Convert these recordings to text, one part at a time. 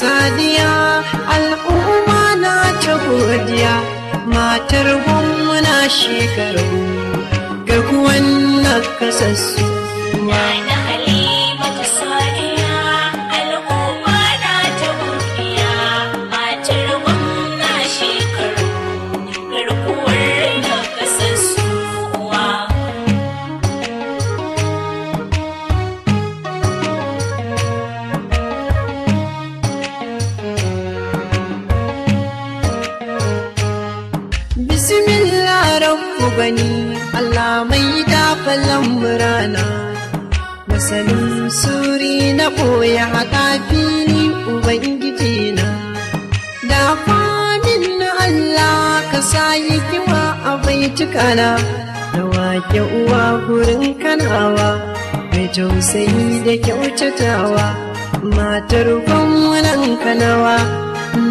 sadiya al'umma na ta godiya matar gwamna shekaru garkuwan nakasassu na fasalin suri na ɓoye a kafili ubangiji na da fadin na Allah ka sa yi kiwa a Na da wake uwa gurin kanawa mai tausayi da kyautatawa matar gwamnan kanawa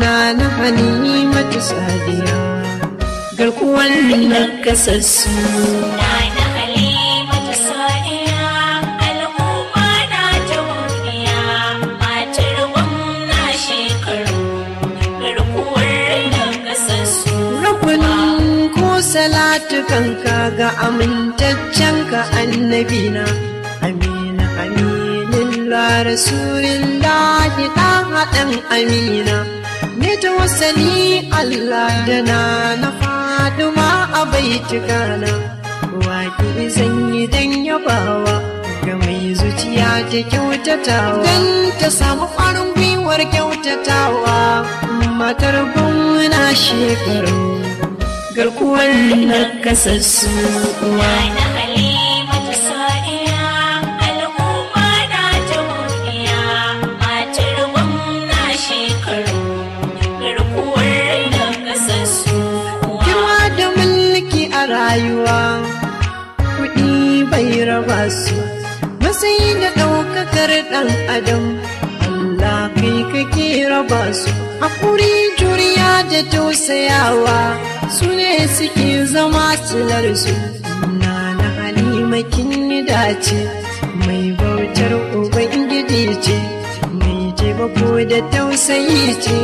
na na hannu mata sadiya garkuwan na kasassu kanka ga amintaccen ka annabina amina aminin la rasulillahi dan haɗin amina ne ta wasani Allah da na na faduma a Wa waki zan yi dan yabawa ga mai zuciya ta kyautatawa dan ta samu farin gwiwar kyautatawa matar gwamna shekaru garkuwar nakasassu uwa na halima ta sa'ira al'umma na jamhuriya matar gwamna shekaru garkuwar nakasassu uwa da mulki a rayuwa kuɗi bai raba su matsayi da ɗaukakar ɗan adam Allah kai su haƙuri juriya da tausayawa su ne suke zama silar su na na halima kinni dace mai bautar ubangiji ce mai taimako da tausayi ce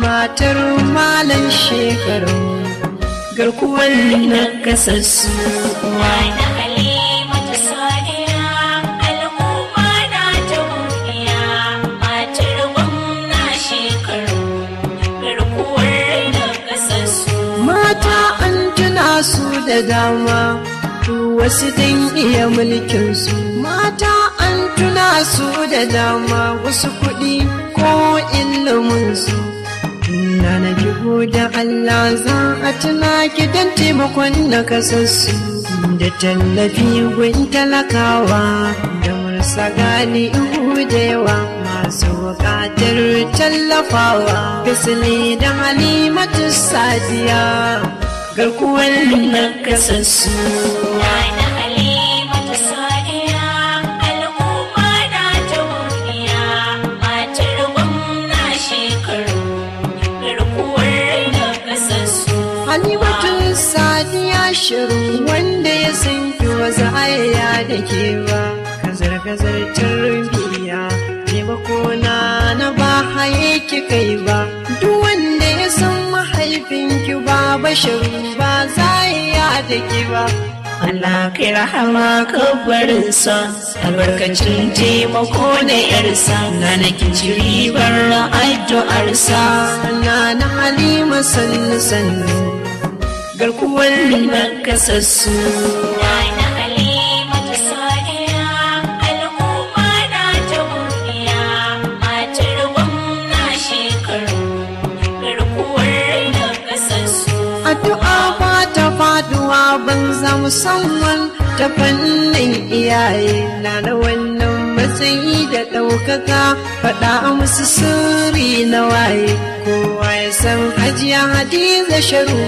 matar malam shekaru garkuwar na kasassu wani su da dama wasu din iya mulkinsu mata an tuna su da dama wasu kuɗi ko iliminsu na na da Allah za a tuna ki don taimakon na kasassu da tallafi gun talakawa da mursa gani ihu da yawa masu buƙatar tallafawa bisani da halimatu sadiya garkuwar nan kasassu. Nana Halima ta sa'ira, al'umma na ta wuriya, matar gwamna shekaru, garkuwar nan kasassu. Halimatu sadiya shiru wanda ya sanki waza ayaya da ke ba, kazar-kazar tarbiya, taimako na na ba haye ki kai ba, duk wanda ya san mahaifinki ba bashiru ba za ya da ki ba. Allah kai rahama kabarinsa, albarkacin taimako na yarsa, na na bar ribar addu'arsa. Na na halima sannu sannu, garkuwar nakasassu. Na musamman ta fannin iyaye na da wannan matsayi da ɗaukaka faɗa a musu sirri na waye kowa ya san hajiya hadiza sharu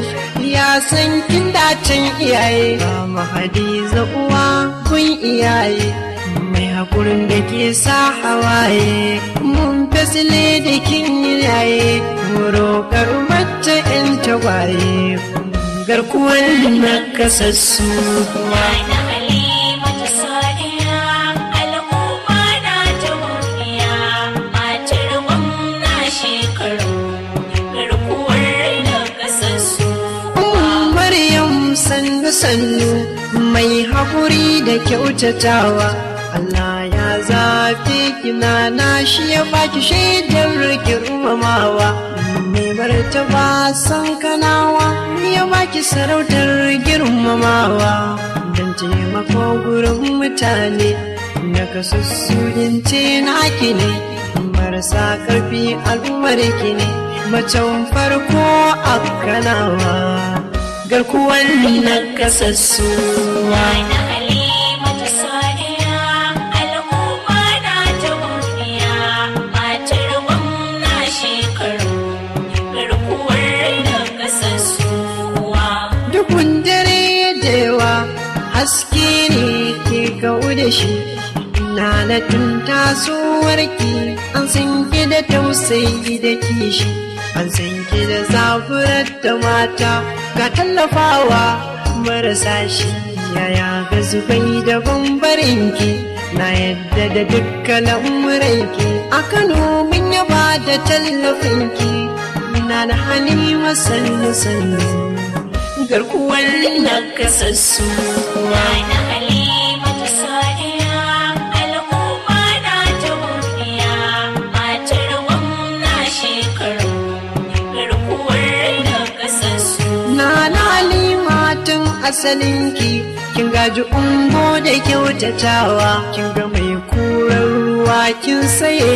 ya san kin dacin iyaye mama hadiza uwa kun iyaye mai haƙurin da ke sa hawaye mun fesle da kin yaye mu roƙar mace 'yan tagwaye garkuwan nakasassu na halimatu sadiya al'umma na jamhuriya matar gwamna shekaru garkuwar nakasassu maryam sannu sannu mai haƙuri da kyautatawa Allah ya zafi kina shi ya baki shaidar girmamawa ta ba san kanawa ya baki sarautar girmamawa don taimako gurin mutane na sujin ce naki ne marasa karfi al'ummar ke ne macen farko a kanawa garkuwan na kasassuwa. da shi nana tun warki an san ki da tausayi da kishi an san ki da zafurar da mata ga tallafawa marasa shi yaya ga zubai da ki na yadda da dukkan ki a kano mun yaba da tallafin ki na da hali masannu sallu garkuwar kasassu na asalinki kin gaji ungo da kyautatawa kin ga mai kurar ruwa kin saye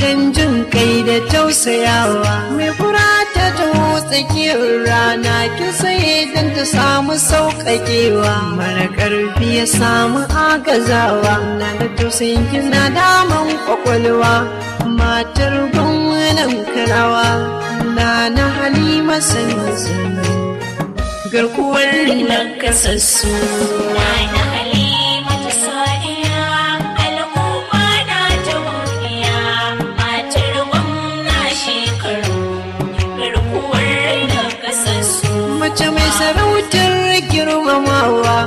dan jin kai da tausayawa mai kura ta taho tsakiyar rana kin saye dan ta samu sauƙaƙewa mara ƙarfi ya samu agazawa na da tausayin kina daman kwakwalwa matar gwamnan kanawa na na halima sanin garkuwar nan kasassu na na halima ta sa'iya al'umma na ta godiya matar gwamna shekaru garkuwar nan kasassu mace mai sarautar girmamawa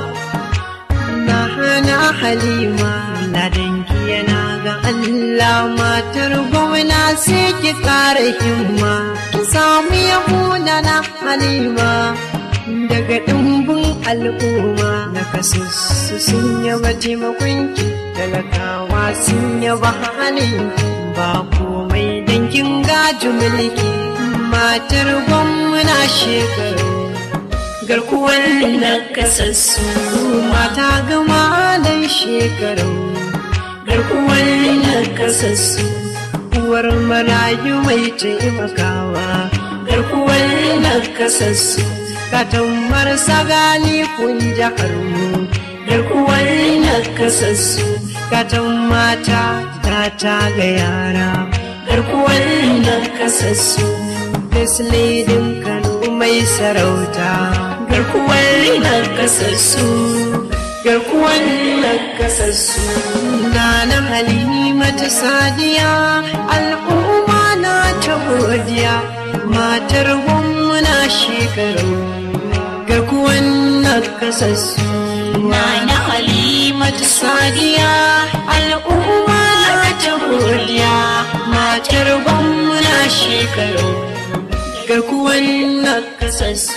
na hana halima na dangi yana ga Allah matar gwamna sai ki ƙara himma ki samu yabo na halima daga ɗumbin al'umma na kasussu sun yaba taimakonki talakawa sun yaba halinki ba komai dangin gaji mulki matar gwamna shekaru garkuwar na kasassu mata gama dan shekaru garkuwar na kasassu uwar marayu mai taimakawa garkuwar na kasassu katan marasa gali kun jakarmu garkuwar nakasassu katan mata ta ga yara garkuwar nakasassu misleading kano mai sarauta garkuwar nakasassu garkuwan nakasassu nana halima ta sadiya al'umma na ta godiya matar gwamna shekaru wannan kasassu. na na ta sadiya al'umma ta godiya matar gwamna shekaru na kasassu.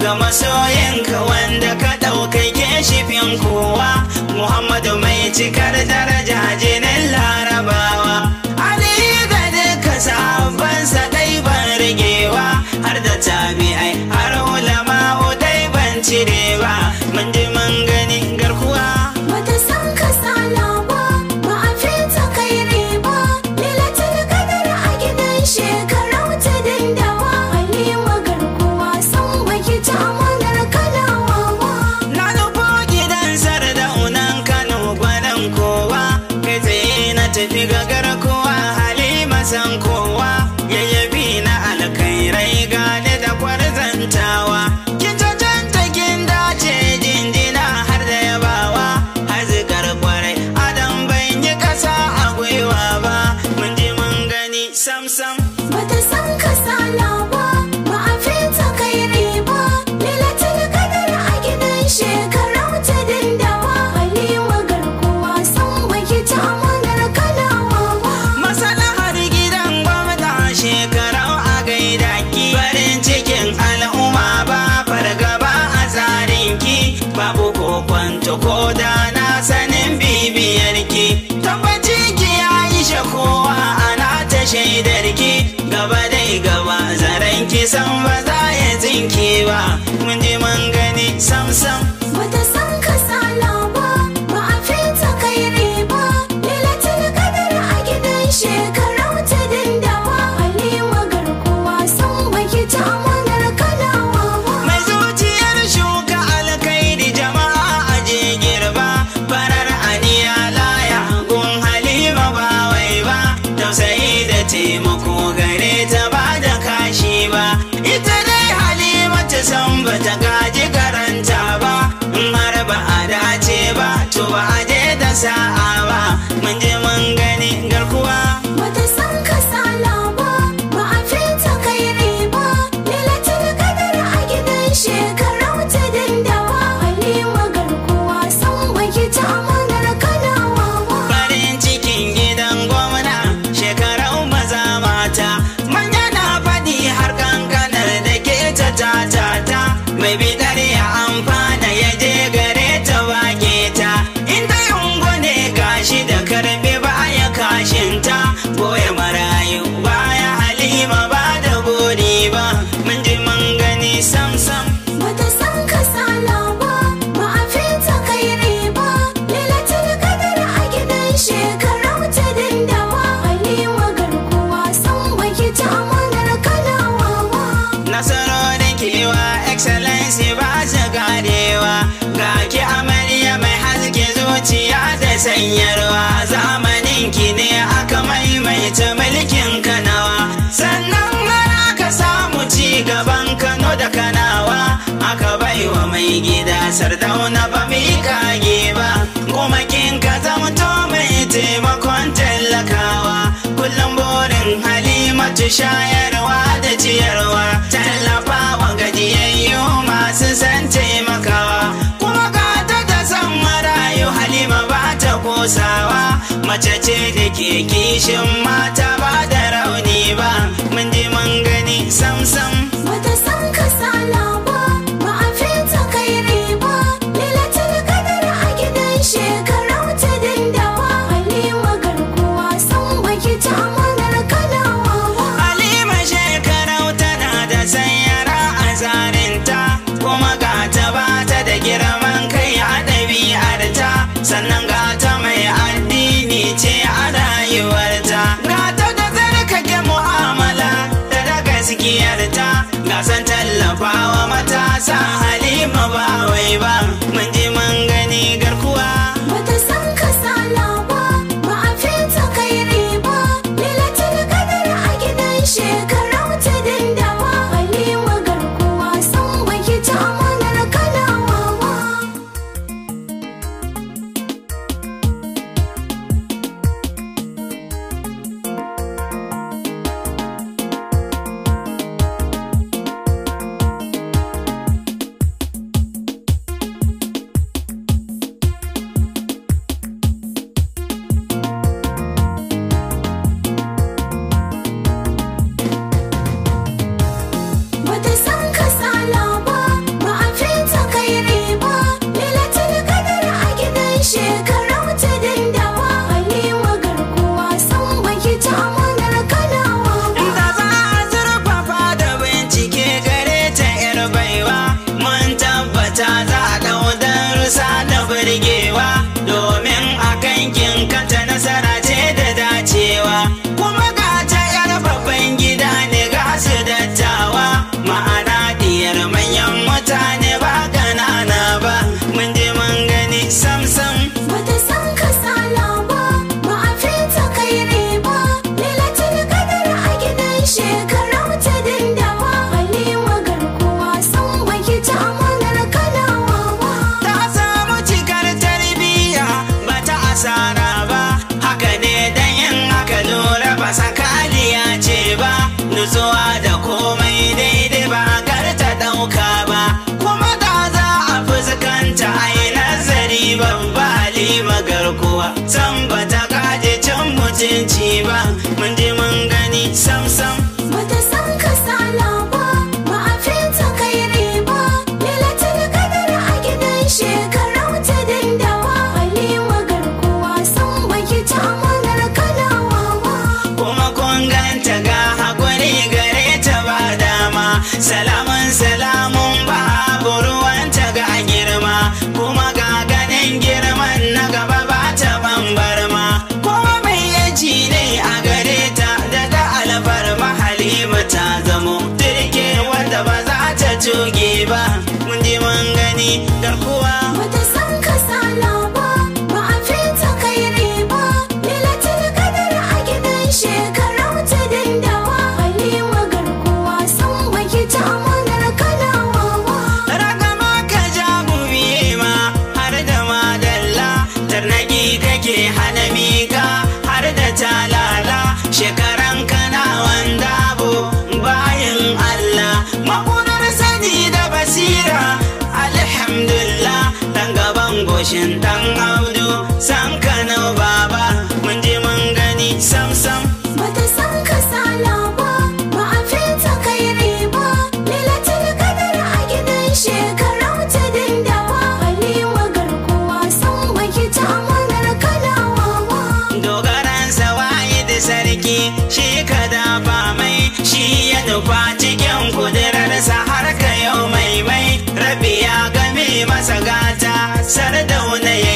ga masoyinka wanda ka ɗaukai keshifin kowa muhammadu mai cikar daraja jinin larabawa ali ga duka sahabbansa ɗai ban rigewa har da tabi'ai har ulama'u dai ban cirewa mun ji mun gani garkuwa san ba za ya jinke ba mun je mun gani sam sam sha'awa ba mun je mun gani da kanawa aka baiwa mai gida sardauna ba mai kage ba kuma kin ka mai taimakon tallakawa kullum borin halimatu shayarwa da ciyarwa tallafawa gajiyayyu masu san taimakawa kuma gata ta da san marayu halima ba ta kosawa mace ce da ke kishin mata ba da rauni ba mun ji mun gani sam sam Warta ga ta da zai da mu'amala da da gaskiyarta ga san tallafawa matasa halima ba wai ba mun ji mun gani Selamat. Ba cikin kudirarsa har ka yau mai mai ya game masa gata sardauna ya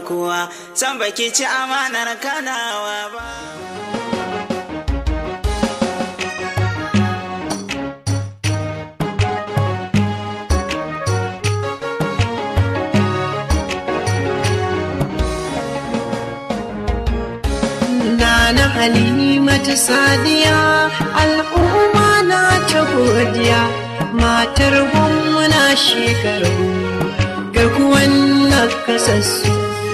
kowa san baki ci amanar kanawa ba Nana Halima ta sadiya al'umma na ta godiya matar gwamna shekaru na kasassu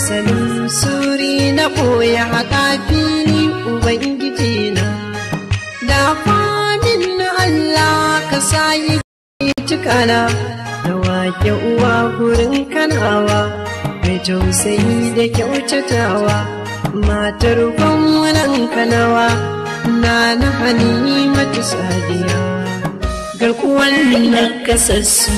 asalin suri na ɓoye haƙa fili ubangiji na da fadin na Allah ka sayi cikana da wake uwa gurin kanawa mai tausayi da kyautatawa matar gwamnan kanawa na na hannu mata sadiya garkuwan nakasassu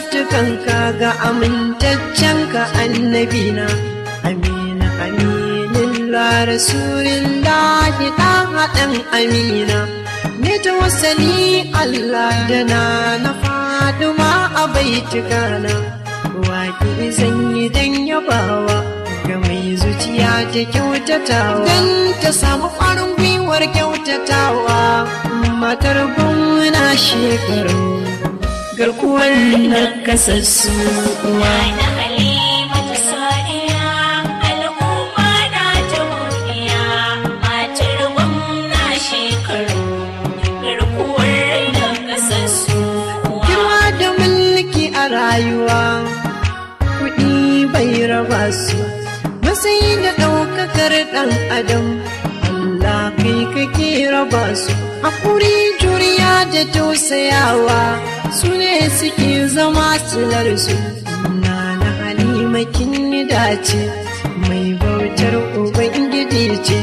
Salatukanka ga amintaccen annabi annabina Amina aminin la surin lahi haɗin amina Ne ta wasali Allah da na na ma a Wa Waƙi zan yi dan yabawa ga mai zuciya ta kyautatawa Dan ta samu farin gwiwar kyautatawa matar gwamna shekaru garkuwan nakasassu uwa na halima ta na ta matar gwamna shekaru garkuwar nakasassu da mulki a rayuwa kuɗi bai raba su matsayi da ɗaukakar ɗan adam Allah kai kake raba su haƙuri juriya da tausayawa su ne suke zama su na na halima kin dace mai bautar ubangiji ce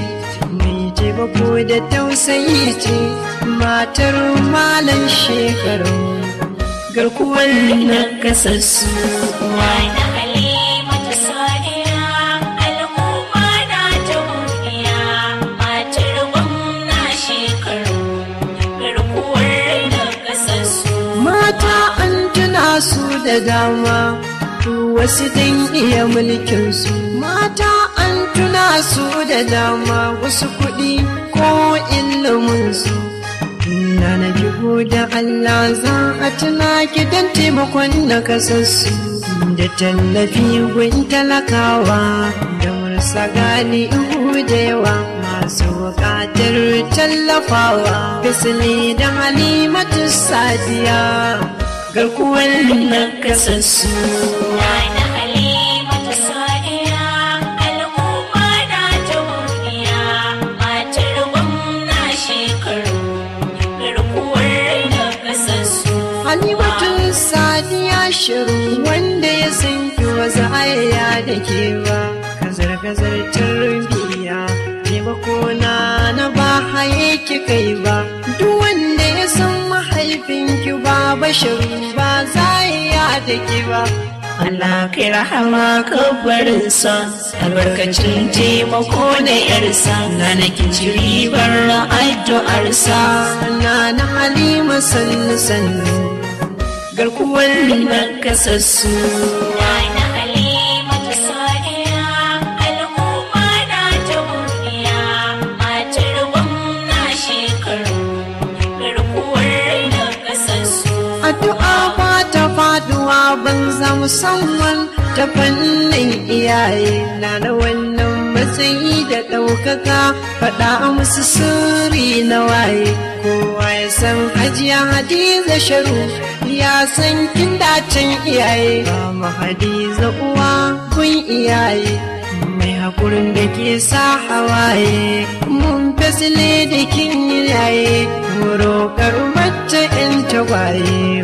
mai taimako da tausayi ce matar malam shekaru garkuwar na su wani da dama wasu dan iya mulkin mata an tuna su da dama wasu kuɗi ko ilimin su na na da Allah za a tuna gidan taimakon na kasassu da tallafi gun talakawa da marasa gani ihu da yawa masu buƙatar tallafawa bisani da halimatu sadiya garkuwar nan kasassu. Na halima ta sa'ira, al'umma na ta wuriya, matar gwamna shekaru, garkuwar nan kasassu. Halima ta sa'ira shiru wanda ya san ki waza aya da ke ba, ka zarga tarbiya, taimako na na ba haye ki kai ba, duk bashin ba za ya daki ba Allah kai rahama kabarinsa albarkacin taimako da yarsa na nake bar ribar addu'arsa na na halima sannu sannu garkuwar nakasassu na musamman ta fannin iyaye na da wannan matsayi da ɗaukaka faɗa musu sirri na waye kowa ya san hajiya hadiza sharu ya san kin dacin iyaye ba hadiza uwa kun iyaye mai hakurin da ke sa hawaye mun fasile da kin yaye Mu roƙar mace in tagwaye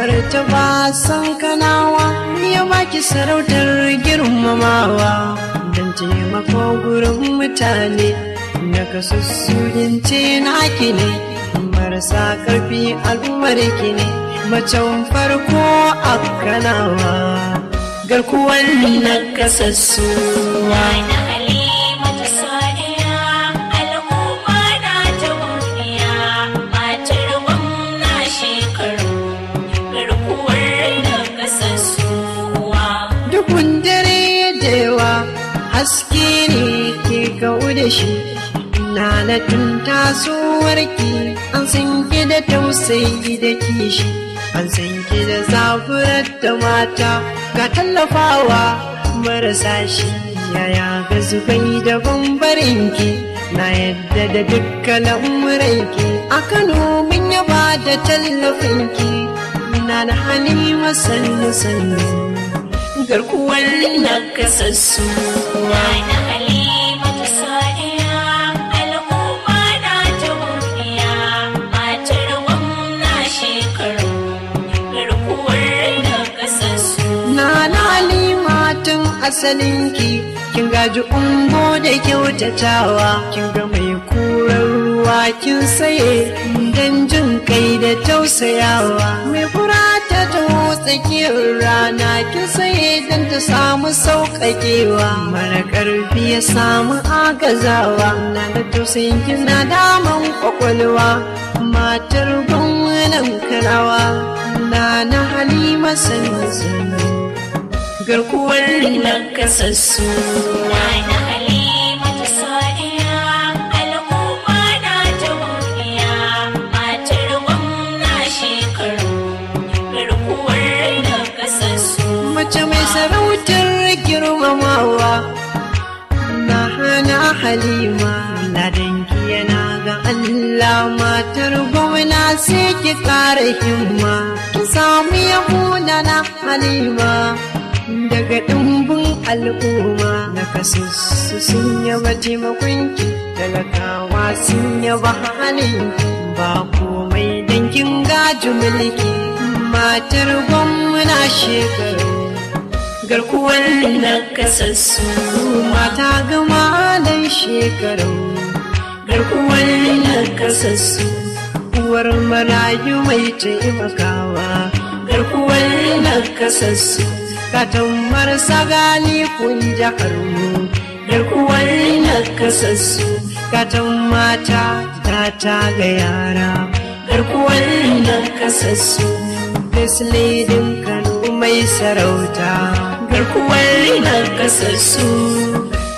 barta ba san kanawa ya baki sarautar girmamawa don taimako gurin mutane na kasussuyin ce naki ne marasa karfi al'ummar ki ne macen farko a kanawa garkuwan na kasassuwa da shi lalatun an san ki da tausayi da kishi an san ki da zafurar da mata ga tallafawa marasa shi yaya ga zubai da ki na yadda da dukkan lamuranki a kano mun yaba da tallafin ki na da halima sannu sannu garkuwar na nakasassu na asalinki kin gaji ungo da kyautatawa kin ga mai kurar ruwa kin saye dan jin kai da tausayawa mai kura ta taho tsakiyar rana kin saye dan ta samu sauƙaƙewa mara ƙarfi ya samu agazawa na da tausayin kina daman kwakwalwa matar gwamnan kanawa na na halima sanin garkuwar nan kasassu. Na kasassu. Mace mai sarautar girmamawa na hana halima na dangi yana ga Allah matar gwamna sai ki ƙara himma ki samu yabo na halima. daga ɗumbin al'umma na kasussu sun yaba taimakonki talakawa sun yaba hali ba komai dangin gaji mulki matar gwamna shekaru garkuwar na kasassu mata gama dan shekaru garkuwar na kasassu uwar marayu mai taimakawa garkuwar na kasassu katon marasa gani kun ja karmu da kuwar na kasassu katon mata ta ga yara garkuwar na kasassu misleading kano mai sarauta garkuwar na kasassu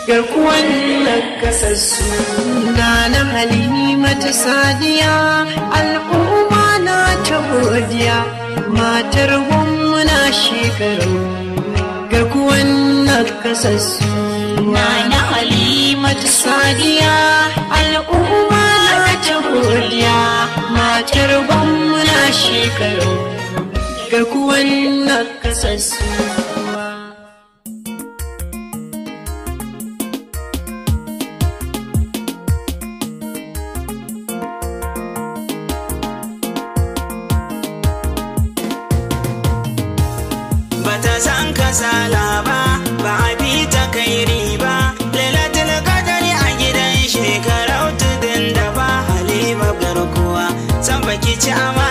garkuwar na kasassu na na halimata sadiya al'umma godiya matar muna shekaru kuwan na kasassu na halimatu sadiya al'umma na ta godiya matar muna shekaru kuwan na kasassu garkuwa san baki ci amana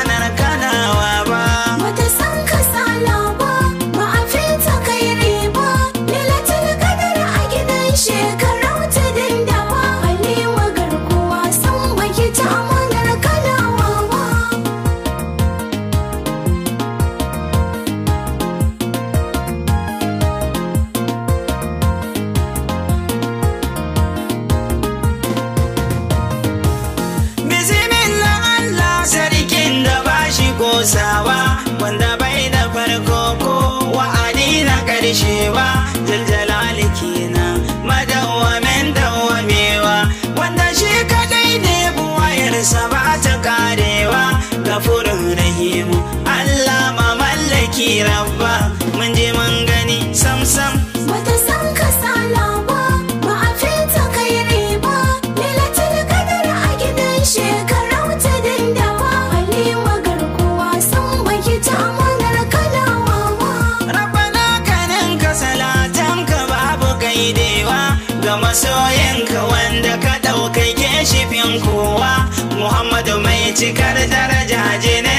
kowa Muhammadu mai cikar daraja je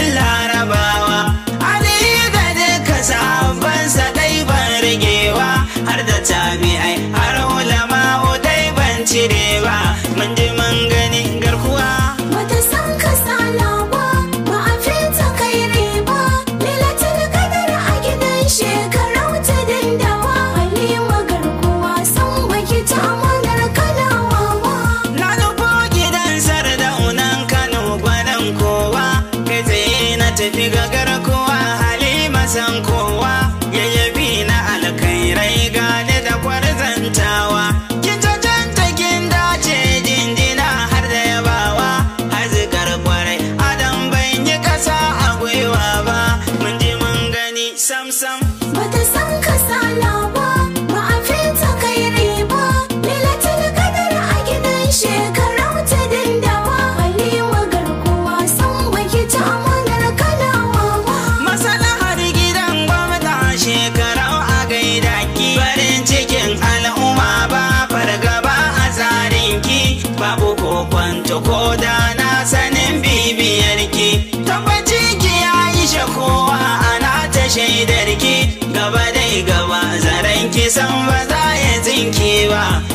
san ba za ya jinki ba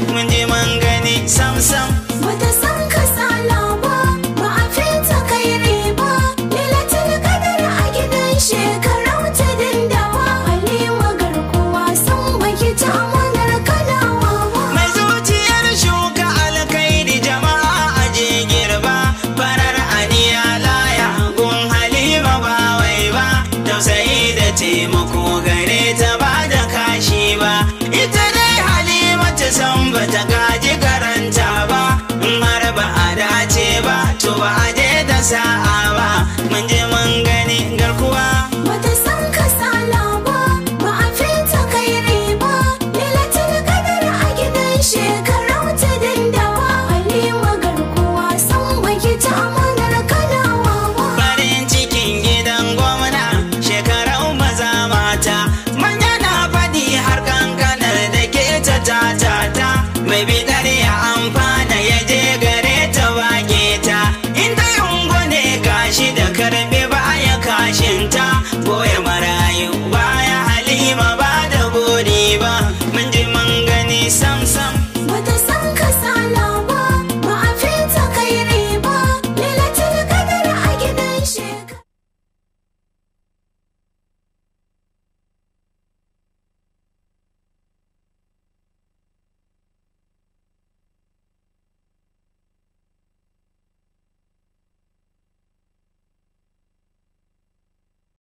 ba to ba a da sa'a ba mun